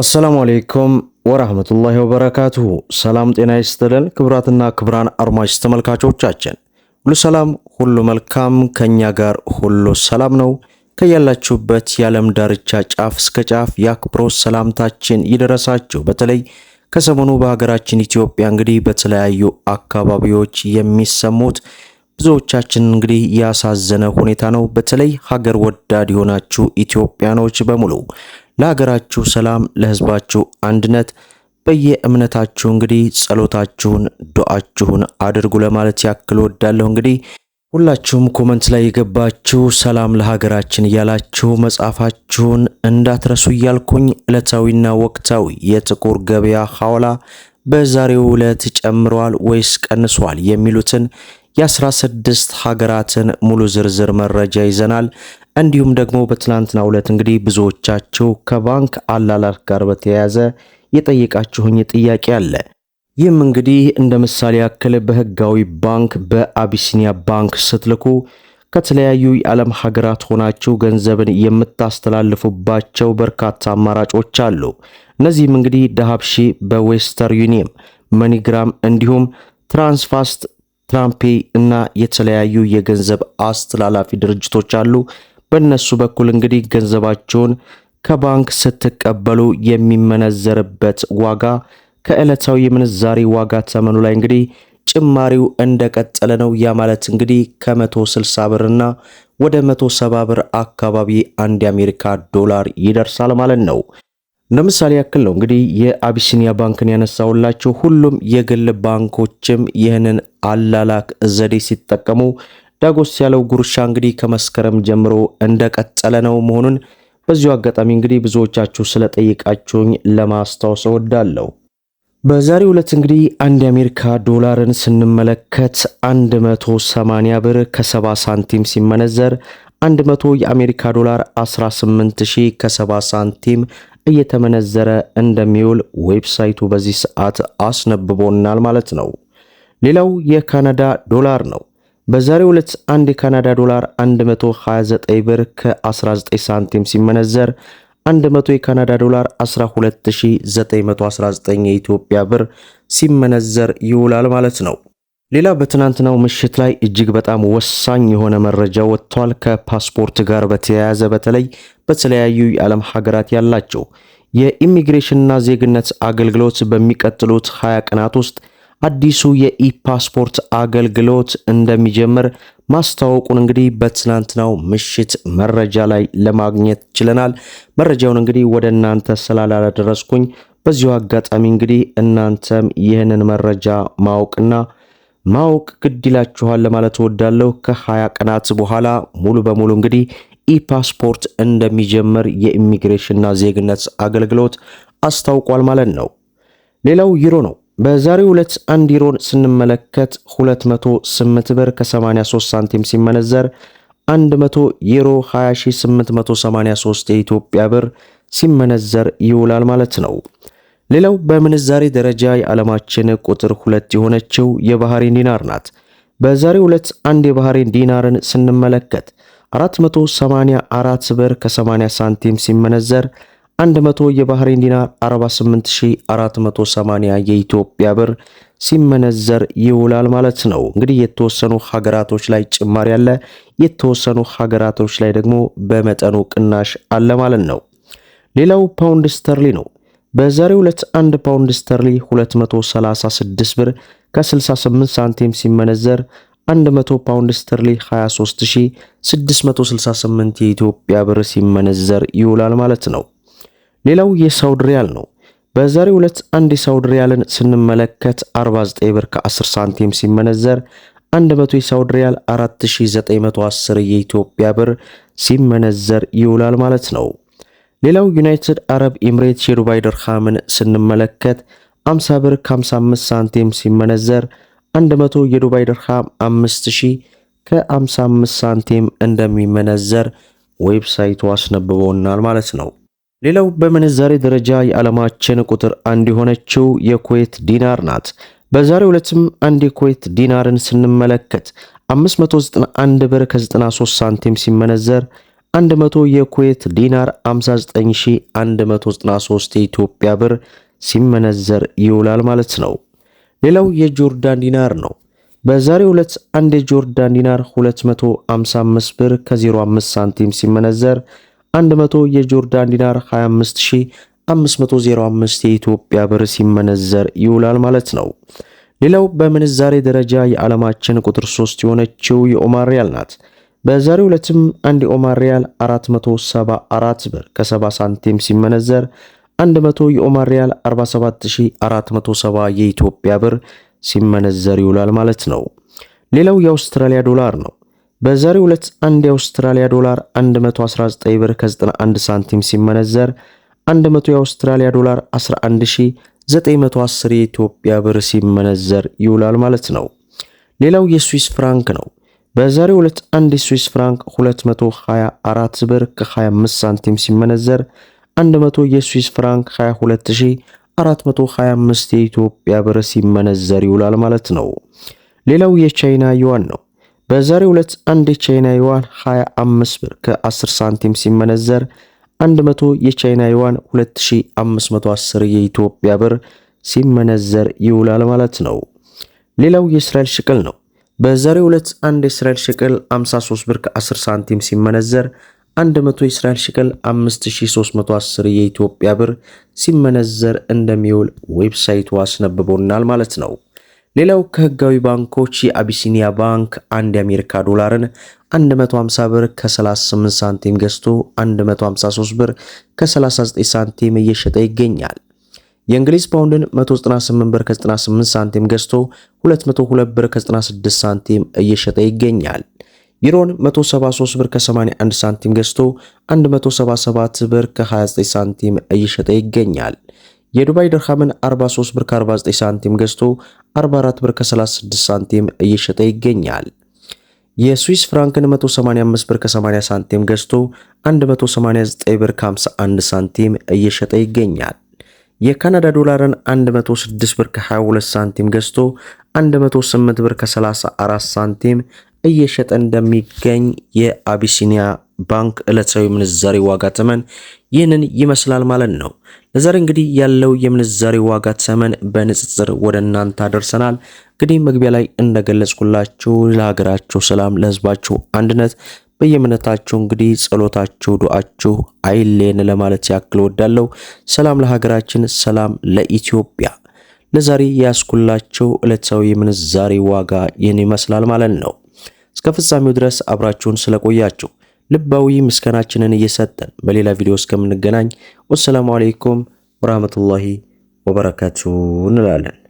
አሰላሙ አሌይኩም ወራህመቱላሂ ወበረካቱሁ። ሰላም ጤና ይስጥልን። ክብራትና ክብራን አድማጭ ተመልካቾቻችን ሁሉ ሰላም፣ ሁሉ መልካም፣ ከእኛ ጋር ሁሉ ሰላም ነው። ከያላችሁበት የዓለም ዳርቻ ጫፍ እስከ ጫፍ የአክብሮት ሰላምታችን ይደረሳችሁ። በተለይ ከሰሞኑ በሀገራችን ኢትዮጵያ እንግዲህ በተለያዩ አካባቢዎች የሚሰሙት ብዙዎቻችን እንግዲህ ያሳዘነ ሁኔታ ነው። በተለይ ሀገር ወዳድ የሆናችሁ ኢትዮጵያኖች በሙሉ ለሀገራችሁ ሰላም፣ ለህዝባችሁ አንድነት በየእምነታችሁ እንግዲህ ጸሎታችሁን ዱዓችሁን አድርጉ ለማለት ያክል ወዳለሁ። እንግዲህ ሁላችሁም ኮመንት ላይ የገባችሁ ሰላም ለሀገራችን እያላችሁ መጻፋችሁን እንዳትረሱ እያልኩኝ ዕለታዊና ወቅታዊ የጥቁር ገበያ ሐዋላ በዛሬው ዕለት ጨምሯል ወይስ ቀንሷል የሚሉትን የ16 ሀገራትን ሙሉ ዝርዝር መረጃ ይዘናል። እንዲሁም ደግሞ በትናንትናው ዕለት እንግዲህ ብዙዎቻችሁ ከባንክ አላላክ ጋር በተያያዘ የጠየቃችሁኝ ጥያቄ አለ። ይህም እንግዲህ እንደ ምሳሌ ያክል በህጋዊ ባንክ በአቢሲኒያ ባንክ ስትልኩ ከተለያዩ የዓለም ሀገራት ሆናችሁ ገንዘብን የምታስተላልፉባቸው በርካታ አማራጮች አሉ። እነዚህም እንግዲህ ዳሃብሺ በዌስተር ዩኒየም፣ መኒግራም እንዲሁም ትራንስፋስት ትራምፔ እና የተለያዩ የገንዘብ አስተላላፊ ድርጅቶች አሉ። በእነሱ በኩል እንግዲህ ገንዘባቸውን ከባንክ ስትቀበሉ የሚመነዘርበት ዋጋ ከዕለታዊ የምንዛሪ ዋጋ ተመኑ ላይ እንግዲህ ጭማሪው እንደቀጠለ ነው። ያ ማለት እንግዲህ ከ160 ብርና ወደ 170 ብር አካባቢ አንድ የአሜሪካ ዶላር ይደርሳል ማለት ነው። ለምሳሌ ያክል ነው እንግዲህ የአቢሲኒያ ባንክን ያነሳውላቸው። ሁሉም የግል ባንኮችም ይህንን አላላክ ዘዴ ሲጠቀሙ ዳጎስ ያለው ጉርሻ እንግዲህ ከመስከረም ጀምሮ እንደቀጠለ ነው መሆኑን በዚሁ አጋጣሚ እንግዲህ ብዙዎቻችሁ ስለጠይቃችሁኝ ለማስታወስ እወዳለሁ። በዛሬው ዕለት እንግዲህ አንድ የአሜሪካ ዶላርን ስንመለከት 180 ብር ከ70 ሳንቲም ሲመነዘር 100 የአሜሪካ ዶላር 18000 ከ70 ሳንቲም እየተመነዘረ እንደሚውል ዌብሳይቱ በዚህ ሰዓት አስነብቦናል ማለት ነው። ሌላው የካናዳ ዶላር ነው። በዛሬው ዕለት አንድ የካናዳ ዶላር 129 ብር ከ19 ሳንቲም ሲመነዘር 100 የካናዳ ዶላር 12919 የኢትዮጵያ ብር ሲመነዘር ይውላል ማለት ነው። ሌላ በትናንትናው ምሽት ላይ እጅግ በጣም ወሳኝ የሆነ መረጃ ወጥቷል። ከፓስፖርት ጋር በተያያዘ በተለይ በተለያዩ የዓለም ሀገራት ያላቸው የኢሚግሬሽንና ዜግነት አገልግሎት በሚቀጥሉት 20 ቀናት ውስጥ አዲሱ የኢፓስፖርት አገልግሎት እንደሚጀምር ማስታወቁን እንግዲህ በትናንትናው ምሽት መረጃ ላይ ለማግኘት ችለናል። መረጃውን እንግዲህ ወደ እናንተ ስላላደረስኩኝ በዚሁ አጋጣሚ እንግዲህ እናንተም ይህንን መረጃ ማወቅና ማወቅ ግድ ይላችኋል ለማለት እወዳለሁ። ከ20 ቀናት በኋላ ሙሉ በሙሉ እንግዲህ ኢፓስፖርት እንደሚጀምር የኢሚግሬሽንና ዜግነት አገልግሎት አስታውቋል ማለት ነው። ሌላው ዩሮ ነው። በዛሬው ዕለት አንድ ዩሮን ስንመለከት 208 ብር ከ83 ሳንቲም ሲመነዘር 100 ዩሮ 20883 የኢትዮጵያ ብር ሲመነዘር ይውላል ማለት ነው። ሌላው በምንዛሬ ደረጃ የዓለማችን ቁጥር ሁለት የሆነችው የባህሬን ዲናር ናት። በዛሬ ዕለት አንድ የባህሬን ዲናርን ስንመለከት 484 ብር ከ80 ሳንቲም ሲመነዘር 100 የባህሬን ዲናር 48480 የኢትዮጵያ ብር ሲመነዘር ይውላል ማለት ነው። እንግዲህ የተወሰኑ ሀገራቶች ላይ ጭማሪ አለ፣ የተወሰኑ ሀገራቶች ላይ ደግሞ በመጠኑ ቅናሽ አለ ማለት ነው። ሌላው ፓውንድ ስተርሊ ነው። በዛሬው ዕለት 1 ፓውንድ ስተርሊ 236 ብር ከ68 ሳንቲም ሲመነዘር 100 ፓውንድ ስተርሊ 23668 የኢትዮጵያ ብር ሲመነዘር ይውላል ማለት ነው። ሌላው የሳውዲ ሪያል ነው። በዛሬው ዕለት አንድ የሳውዲ ሪያልን ስንመለከት 49 ብር ከ10 ሳንቲም ሲመነዘር 100 የሳውዲ ሪያል 4910 የኢትዮጵያ ብር ሲመነዘር ይውላል ማለት ነው። ሌላው ዩናይትድ አረብ ኤምሬትስ የዱባይ ድርሃምን ስንመለከት 50 ብር ከ55 ሳንቲም ሲመነዘር 100 የዱባይ ድርሃም 5000 ከ55 ሳንቲም እንደሚመነዘር ዌብሳይቱ አስነብቦናል ማለት ነው። ሌላው በምንዛሬ ደረጃ የዓለማችን ቁጥር አንድ የሆነችው የኩዌት ዲናር ናት። በዛሬው ዕለትም አንድ የኩዌት ዲናርን ስንመለከት 591 ብር ከ93 ሳንቲም ሲመነዘር 100 የኩዌት ዲናር 59193 የኢትዮጵያ ብር ሲመነዘር ይውላል ማለት ነው። ሌላው የጆርዳን ዲናር ነው። በዛሬው ዕለት አንድ የጆርዳን ዲናር 255 ብር ከ05 ሳንቲም ሲመነዘር 100 የጆርዳን ዲናር 25505 የኢትዮጵያ ብር ሲመነዘር ይውላል ማለት ነው። ሌላው በምንዛሬ ደረጃ የዓለማችን ቁጥር 3 የሆነችው የኦማር ሪያል ናት። በዛሬው ዕለትም አንድ የኦማር ሪያል 474 ብር ከ70 ሳንቲም ሲመነዘር 100 የኦማር ሪያል 47470 የኢትዮጵያ ብር ሲመነዘር ይውላል ማለት ነው። ሌላው የአውስትራሊያ ዶላር ነው። በዛሬው ዕለት አንድ የአውስትራሊያ ዶላር 119 ብር ከ91 ሳንቲም ሲመነዘር 100 የአውስትራሊያ ዶላር 11910 የኢትዮጵያ ብር ሲመነዘር ይውላል ማለት ነው። ሌላው የስዊስ ፍራንክ ነው። በዛሬው ዕለት አንድ ስዊስ ፍራንክ 224 ብር ከ25 ሳንቲም ሲመነዘር 100 የስዊስ ፍራንክ 22425 የኢትዮጵያ ብር ሲመነዘር ይውላል ማለት ነው። ሌላው የቻይና ዩዋን ነው። በዛሬው ዕለት አንድ የቻይና ዩዋን 25 ብር ከ10 ሳንቲም ሲመነዘር 100 የቻይና ዩዋን 2510 የኢትዮጵያ ብር ሲመነዘር ይውላል ማለት ነው። ሌላው የእስራኤል ሽቅል ነው። በዛሬው ዕለት አንድ የእስራኤል ሽቅል 53 ብር ከ10 ሳንቲም ሲመነዘር 100 የእስራኤል ሽቅል 5310 የኢትዮጵያ ብር ሲመነዘር እንደሚውል ዌብሳይቱ አስነብቦናል ማለት ነው። ሌላው ከህጋዊ ባንኮች የአቢሲኒያ ባንክ አንድ የአሜሪካ ዶላርን 150 ብር ከ38 ሳንቲም ገዝቶ 153 ብር ከ39 ሳንቲም እየሸጠ ይገኛል። የእንግሊዝ ፓውንድን 198 ብር ከ98 ሳንቲም ገዝቶ 202 ብር ከ96 ሳንቲም እየሸጠ ይገኛል። ዩሮን 173 ብር ከ81 ሳንቲም ገዝቶ 177 ብር ከ29 ሳንቲም እየሸጠ ይገኛል። የዱባይ ድርሃምን 43 ብር ከ49 ሳንቲም ገዝቶ 44 ብር ከ36 ሳንቲም እየሸጠ ይገኛል። የስዊስ ፍራንክን 185 ብር ከ80 ሳንቲም ገዝቶ 189 ብር ከ51 ሳንቲም እየሸጠ ይገኛል። የካናዳ ዶላርን 106 ብር ከ22 ሳንቲም ገዝቶ 108 ብር ከ34 ሳንቲም እየሸጠ እንደሚገኝ የአቢሲኒያ ባንክ ዕለታዊ ምንዛሬ ዋጋ ተመን ይህንን ይመስላል ማለት ነው። ለዛሬ እንግዲህ ያለው የምንዛሬ ዋጋ ተመን በንጽጽር ወደ እናንተ አደርሰናል። እንግዲህ መግቢያ ላይ እንደገለጽኩላችሁ ለሀገራቸው ሰላም፣ ለህዝባቸው አንድነት በየእምነታችሁ እንግዲህ ጸሎታችሁ፣ ዱዓችሁ አይሌን ለማለት ያክል ወዳለው። ሰላም ለሀገራችን፣ ሰላም ለኢትዮጵያ። ለዛሬ ያስኩላችሁ ዕለታዊ የምንዛሬ ዋጋ ይህን ይመስላል ማለት ነው። እስከ ፍጻሜው ድረስ አብራችሁን ስለቆያችሁ ልባዊ ምስጋናችንን እየሰጠን በሌላ ቪዲዮ እስከምንገናኝ ወሰላሙ አሌይኩም ወራህመቱላሂ ወበረካቱ እንላለን።